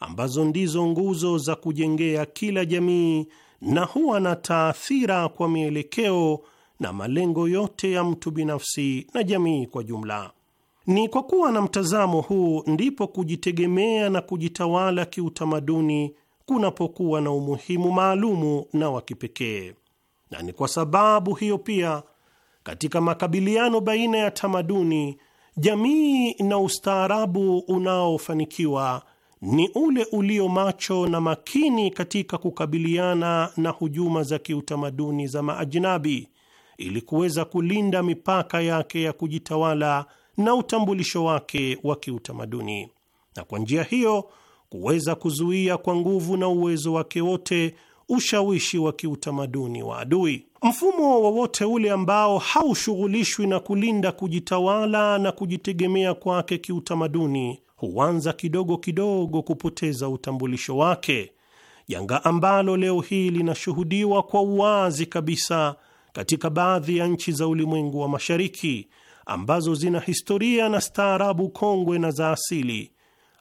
ambazo ndizo nguzo za kujengea kila jamii na huwa na taathira kwa mielekeo na malengo yote ya mtu binafsi na jamii kwa jumla. Ni kwa kuwa na mtazamo huu ndipo kujitegemea na kujitawala kiutamaduni kunapokuwa na umuhimu maalumu na wa kipekee, na ni kwa sababu hiyo pia katika makabiliano baina ya tamaduni, jamii na ustaarabu unaofanikiwa ni ule ulio macho na makini katika kukabiliana na hujuma za kiutamaduni za maajinabi ili kuweza kulinda mipaka yake ya kujitawala na utambulisho wake wa kiutamaduni, na kwa njia hiyo kuweza kuzuia kwa nguvu na uwezo wake wote ushawishi wa kiutamaduni wa adui. Mfumo wowote ule ambao haushughulishwi na kulinda kujitawala na kujitegemea kwake kiutamaduni huanza kidogo kidogo kupoteza utambulisho wake, janga ambalo leo hii linashuhudiwa kwa uwazi kabisa katika baadhi ya nchi za ulimwengu wa Mashariki ambazo zina historia na staarabu kongwe na za asili,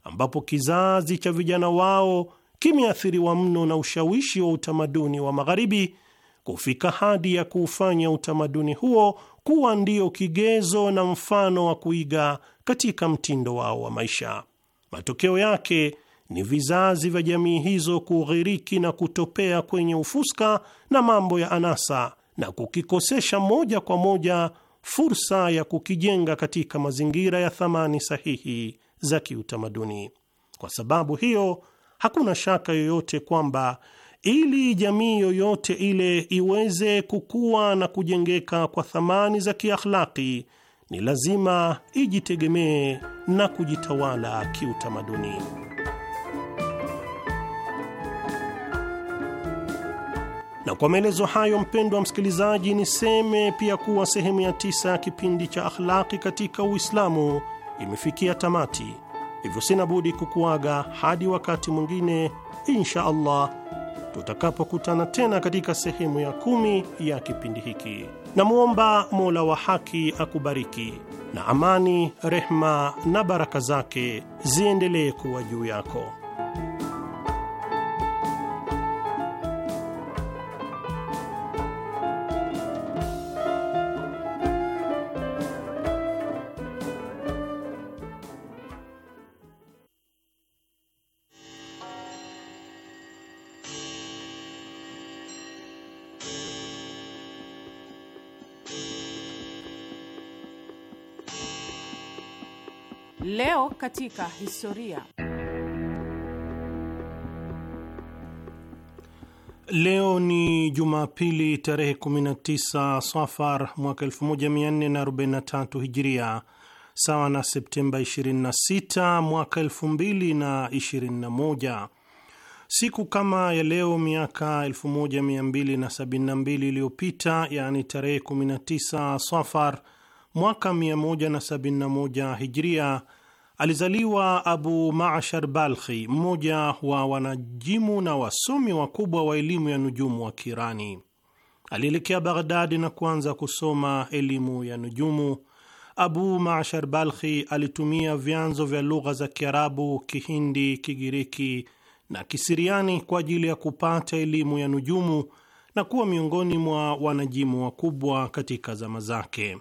ambapo kizazi cha vijana wao kimeathiriwa mno na ushawishi wa utamaduni wa Magharibi kufika hadi ya kuufanya utamaduni huo kuwa ndio kigezo na mfano wa kuiga katika mtindo wao wa maisha. Matokeo yake ni vizazi vya jamii hizo kughiriki na kutopea kwenye ufuska na mambo ya anasa na kukikosesha moja kwa moja fursa ya kukijenga katika mazingira ya thamani sahihi za kiutamaduni. Kwa sababu hiyo Hakuna shaka yoyote kwamba ili jamii yoyote ile iweze kukua na kujengeka kwa thamani za kiakhlaki ni lazima ijitegemee na kujitawala kiutamaduni. Na kwa maelezo hayo, mpendwa msikilizaji, niseme pia kuwa sehemu ya tisa ya kipindi cha Akhlaki katika Uislamu imefikia tamati. Hivyo sina budi kukuaga hadi wakati mwingine insha Allah tutakapokutana tena katika sehemu ya kumi ya kipindi hiki. Namwomba Mola wa haki akubariki, na amani, rehma na baraka zake ziendelee kuwa juu yako. Leo katika historia. Leo ni Jumapili tarehe 19 Safar mwaka 1443 Hijiria, sawa na Septemba 26 mwaka 2021. Siku kama ya leo miaka 1272 iliyopita, yaani tarehe 19 Safar mwaka 171 Hijiria Alizaliwa Abu Mashar Balkhi, mmoja wa wanajimu na wasomi wakubwa wa elimu ya nujumu wa Kirani. Alielekea Baghdadi na kuanza kusoma elimu ya nujumu. Abu Mashar Balkhi alitumia vyanzo vya lugha za Kiarabu, Kihindi, Kigiriki na Kisiriani kwa ajili ya kupata elimu ya nujumu na kuwa miongoni mwa wanajimu wakubwa katika zama zake.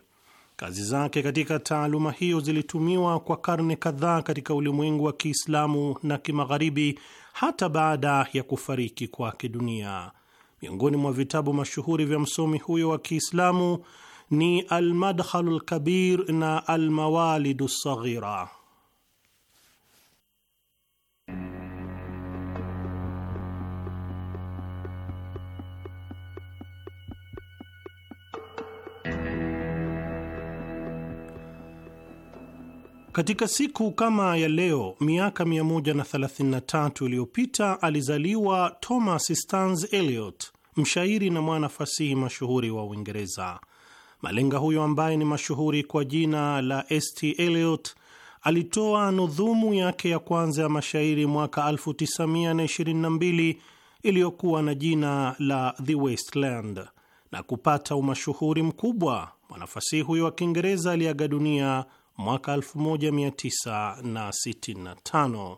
Kazi zake katika taaluma hiyo zilitumiwa kwa karne kadhaa katika ulimwengu wa Kiislamu na Kimagharibi hata baada ya kufariki kwake dunia. Miongoni mwa vitabu mashuhuri vya msomi huyo wa Kiislamu ni Almadkhalu lkabir na Almawalidu lsaghira. Katika siku kama ya leo miaka 133 iliyopita alizaliwa Thomas Stans Eliot, mshairi na mwanafasihi mashuhuri wa Uingereza. Malenga huyo ambaye ni mashuhuri kwa jina la St Eliot alitoa nudhumu yake ya kwanza ya mashairi mwaka 1922 iliyokuwa na jina la The Wasteland na kupata umashuhuri mkubwa. Mwanafasihi huyo wa Kiingereza aliaga dunia mwaka 1965.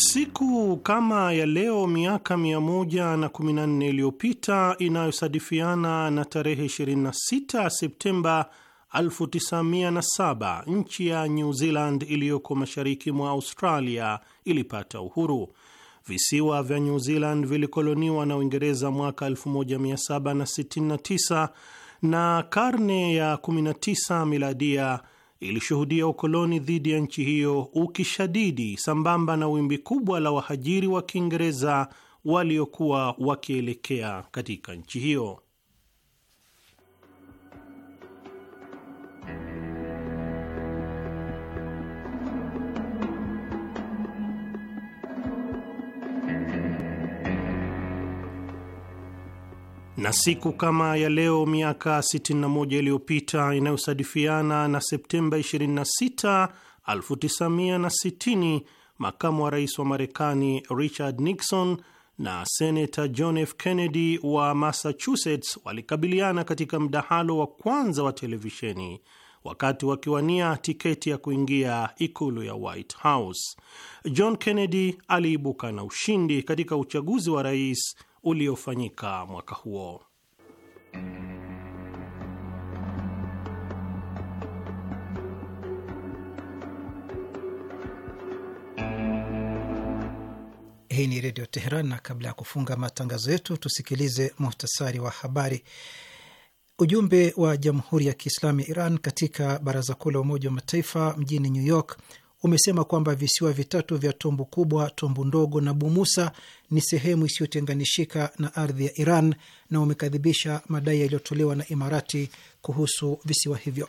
Siku kama ya leo miaka 114 iliyopita inayosadifiana na tarehe 26 Septemba 1907 nchi ya New Zealand iliyoko mashariki mwa Australia ilipata uhuru. Visiwa vya New Zealand vilikoloniwa na Uingereza mwaka 1769 na karne ya 19 miladia ilishuhudia ukoloni dhidi ya nchi hiyo ukishadidi, sambamba na wimbi kubwa la wahajiri wa Kiingereza waliokuwa wakielekea katika nchi hiyo. na siku kama ya leo miaka 61 iliyopita inayosadifiana na Septemba 26, 1960 makamu wa rais wa Marekani Richard Nixon na senata John F. Kennedy wa Massachusetts walikabiliana katika mdahalo wa kwanza wa televisheni wakati wakiwania tiketi ya kuingia ikulu ya White House. John Kennedy aliibuka na ushindi katika uchaguzi wa rais uliofanyika mwaka huo. Hii ni Redio Teheran, na kabla ya kufunga matangazo yetu tusikilize muhtasari wa habari. Ujumbe wa Jamhuri ya Kiislamu ya Iran katika Baraza Kuu la Umoja wa Mataifa mjini New York umesema kwamba visiwa vitatu vya Tombu Kubwa, Tombu Ndogo na Bumusa ni sehemu isiyotenganishika na ardhi ya Iran na umekadhibisha madai yaliyotolewa na Imarati kuhusu visiwa hivyo.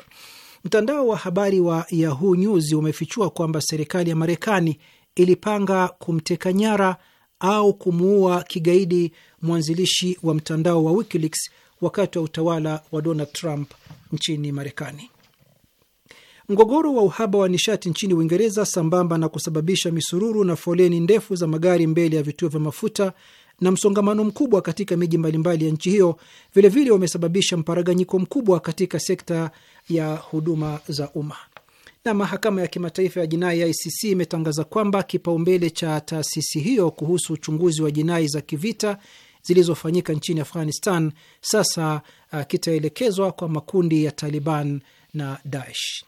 Mtandao wa habari wa Yahoo News umefichua kwamba serikali ya Marekani ilipanga kumteka nyara au kumuua kigaidi mwanzilishi wa mtandao wa WikiLeaks wakati wa utawala wa Donald Trump nchini Marekani. Mgogoro wa uhaba wa nishati nchini Uingereza, sambamba na kusababisha misururu na foleni ndefu za magari mbele ya vituo vya mafuta na msongamano mkubwa katika miji mbalimbali ya nchi hiyo, vilevile wamesababisha mparaganyiko mkubwa katika sekta ya huduma za umma. Na mahakama ya kimataifa ya jinai ya ICC imetangaza kwamba kipaumbele cha taasisi hiyo kuhusu uchunguzi wa jinai za kivita zilizofanyika nchini Afghanistan sasa uh, kitaelekezwa kwa makundi ya Taliban na Daesh.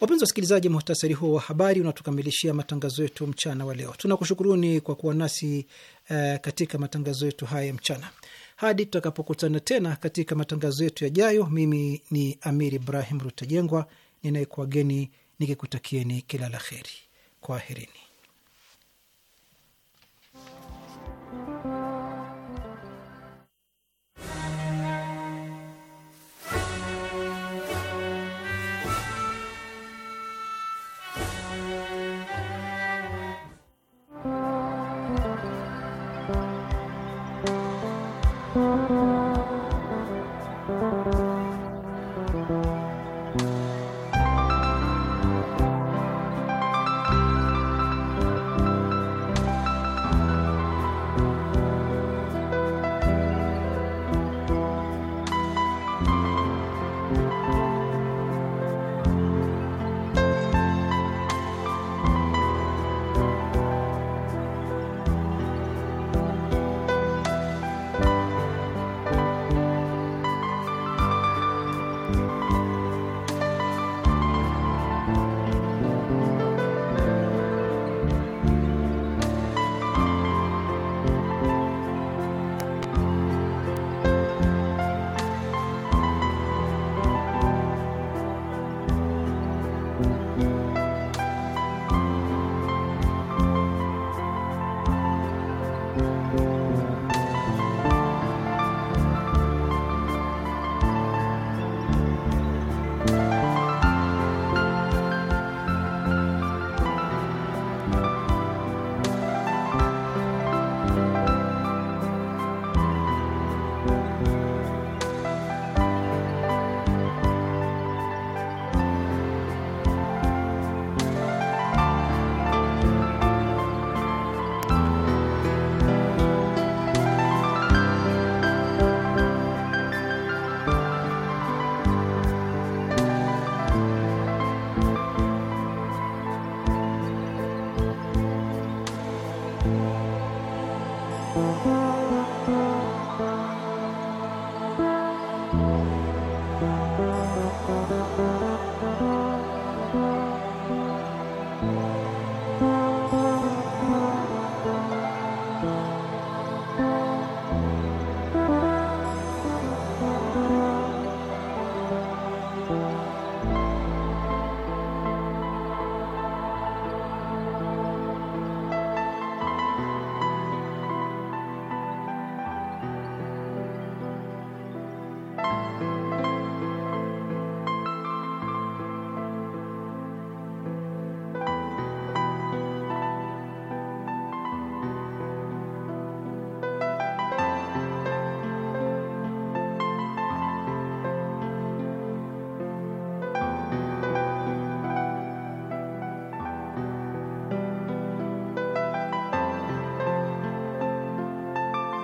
Wapenzi wasikilizaji, muhtasari huo wa habari unatukamilishia matangazo yetu mchana wa leo. Tunakushukuruni kwa kuwa nasi uh, katika matangazo yetu haya ya mchana hadi tutakapokutana tena katika matangazo yetu yajayo. Mimi ni Amir Ibrahim Rutajengwa ninayekuwageni nikikutakieni kila la heri. Kwaherini.